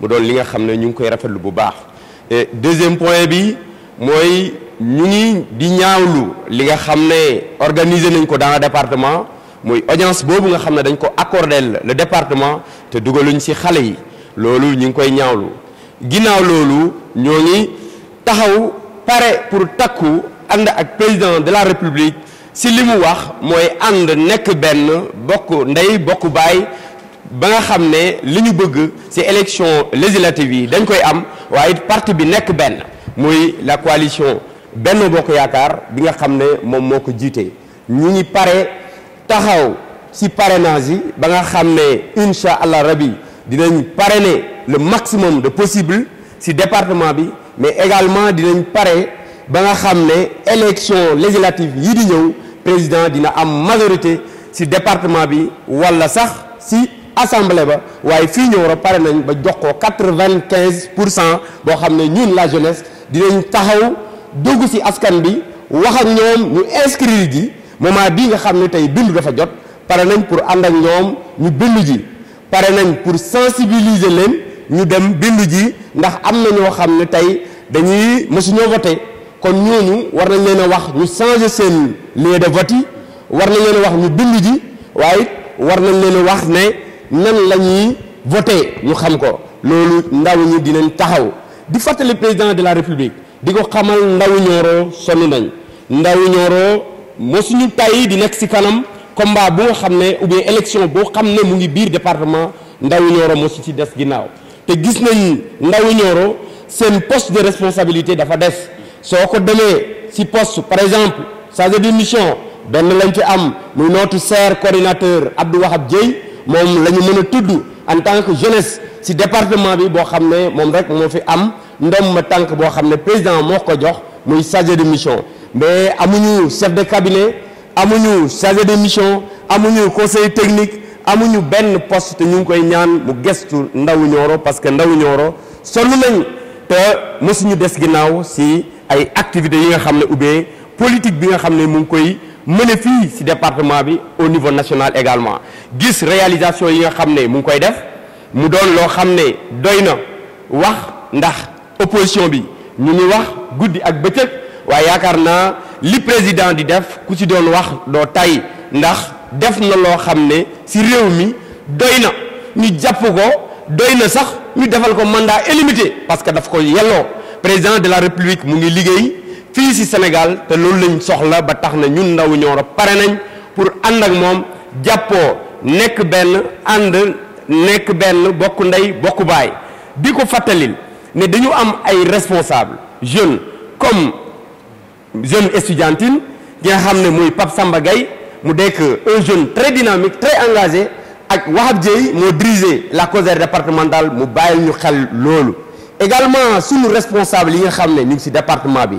mu doon li nga xam ne ñu ngi koy rafetlu bu baax et deuxième point bi moy ñu ngi di ñaawlu li nga xam ne organiser nañ ko dans le département muy audience boobu nga xam ne dañ ko accordé le département te dugaluñ ci xale yi loolu ñu ngi koy ñaawlu ginnaaw loolu ñoo ngi taxaw pare pour takku ànd ak président de la république Si limu wax moy and nek ben bokku ndey bokku baay ba nga xamné liñu élection législative dañ koy am waye parti bi nekk ben la coalition ben Bokk bi nga taxaw ci parrainage ba nga Rabbi... le maximum de possible ci département mais également dinañ ba nga élection législative yi président dina majorité ci département bi wala sax assemblée ba waaye fii ñëw rek pare nañ ba jox ko quatre-vingt-quinze pour cent boo xam ne ñun la jeunesse dinañ taxaw dugg ci askan bi wax ak ñoom ñu inscrire ji moment bii nga xam ne tey bindu dafa jot pare nañ pour ànd ak ñoom ñu bindu ji pare nañ pour sensibiliser leen ñu dem bindu ji ndax am na ñoo xam ne tey dañuy mësu ñoo voté kon ñooñu war nañ leen a wax ñu changer seen lieu de vote yi war nañ leen a wax ñu bindu ji waaye war nañ leen a wax ne nan nous voter voté ñu xam ko voté. nous ñi dinañ taxaw di voté. président de la république di ko xamal ndaw ñoro nous nañ ndaw Nous di nek ci kanam combat bu nga élection Nous avons mu ngi biir département ndaw ci poste de responsabilité dafa voté. soko avons ci poste par exemple sa de mission lañ ci am muy ser ser coordinateur Abdou Wahab mom lañu mëna tudd en tant que jeunesse ci département bi bo xamné mom rek mo fi am ndom ma tànk boo président moko jox muy chargé de mission mais amuñu chef de cabinet amuñu chargé de mission amuñu conseil technique amuñu benn poste te ñu koy ñaan mu gestu ndaw ñoro parce que ndaw ñoro sonn lañ té mësuñu des ginnaaw ci ay activités yi nga xamné ubé politique bi nga xamné ne mu ngi koy mën a fii ci département bi au niveau national également gis réalisation yi nga xam ne mu ngi koy def mu doon loo xam ne doy na wax ndax opposition bi ñu ngi wax guddi ak bëccëg waaye yaakaar naa li président di def ku ci doon wax doo tay ndax def na loo xam ne ci réew mi doy na ñu jàpp ko doy na sax ñu defal ko mandat illimité parce que daf ko yelloo président de la république mu ngi liggéey fii si Sénégal te loolu lañ soxla ba tax na ñun ndawu nañ pour ànd ak moom jàppoo nekk benn ànd nekk benn bokk ndey bokk baay di ko fàttalil ne dañu am ay responsable jeune comme jeune estudiantine qui nga xam ne Pape Samba Gaye mu nekk un jeune très dynamique très engagé ak Wahab Dieye moo dirigé la cause départementale mu bàyyil ñu xel loolu également suñu responsable yi nga xam ne ñu département bi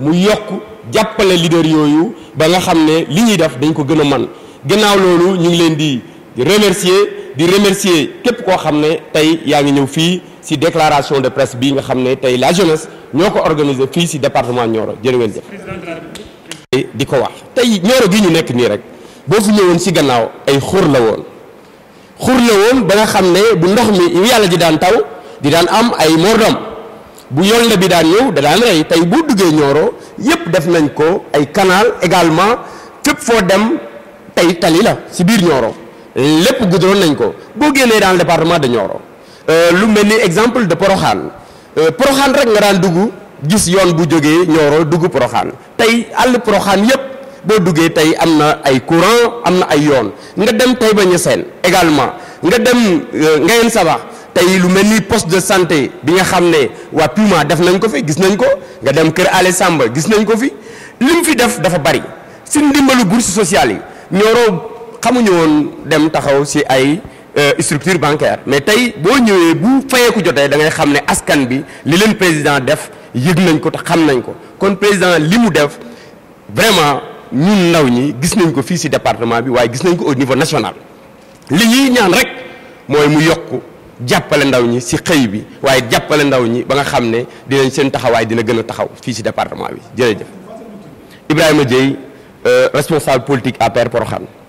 mu yokk jàppale leader yooyu ba nga xam ne li ñuy def dañ ko gën a man gannaaw loolu ñu ngi leen di remercier di remercier képp koo xam ne tey yaa ngi ñëw fii ci déclaration de presse bii nga xam ne tey la jeunesse ñoo ko organiser fii ci département Nioro jërë ngeen jëf di ko wax tey Nioro gi ñu nekk nii rek boo fi ñëwoon ci gannaaw ay xur la woon xur la woon ba nga xam ne bu ndox mi yu yàlla di daan taw di daan am ay mordom bu yolnde bi daan ñëw da daan rey tey boo duggee Nioro yépp def nañ ko ay canal également fépp foo dem tey tali la si biir Nioro lépp goudron nañ ko boo génnee daan le de Nioro euh, lu mel ni exemple de Porokhane euh, Porokhane rek nga daan dugg gis yoon bu jógee Nioro dugg Porokhane tey àll Porokhane yépp boo duggee tey am na ay courant am na ay yoon nga dem Taïba Niassène également nga dem euh, Ngayène Sabakh tey lu mel ni poste de santé bi nga xam ne waa Puma def nañ ko fi gis nañ ko nga dem kër Ale sàmba gis nañ ko fi li lim fi def dafa bari si ndimbalu bourse sociale yi ñooroo xamuñu woon dem taxaw si ay euh, structure bancaire mais tey boo ñëwee bu fayeeku jotee da ngay xam ne askan bi li leen président def yëg nañ ko te xam nañ ko kon président li mu def vraiment ñun ndaw ñi gis nañ ko fii si département bi waaye gis nañ ko au niveau national li ñuy ñaan rek mooy mu yokk jàppale ndaw ñi si xëy bi waaye jàppale ndaw ñi ba nga xam ne dinañ seen taxawaay dina gën a taxaw fii si département bi jërëjëf Ibrahima Dieye euh, responsable politique APR Porokhane